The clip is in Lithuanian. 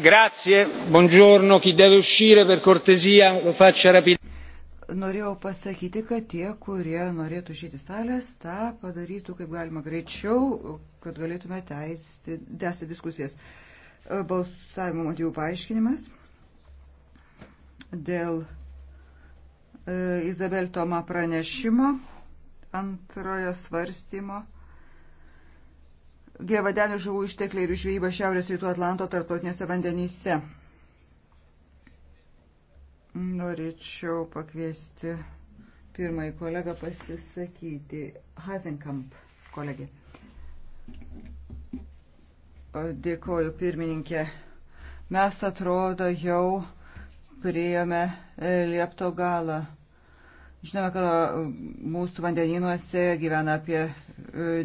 Grazie, buongiorno, chi deve uscire per cortesia lo faccia rapidamente. Norėjau pasakyti, kad tie, kurie norėtų išėti salės, tą padarytų kaip galima greičiau, kad galėtume teisti, tęsti diskusijas. Balsavimo motyvų paaiškinimas dėl e, Izabel Toma pranešimo antrojo svarstymo gėvadenių žuvų ištekliai ir žvejyba Šiaurės rytų Atlanto tarptautinėse vandenyse. Norėčiau pakviesti pirmąjį kolegą pasisakyti. Hazenkamp, kolegė. Dėkoju, pirmininkė. Mes atrodo jau priėjome e, liepto galą. Žinome, kad e, mūsų vandenynuose gyvena apie e,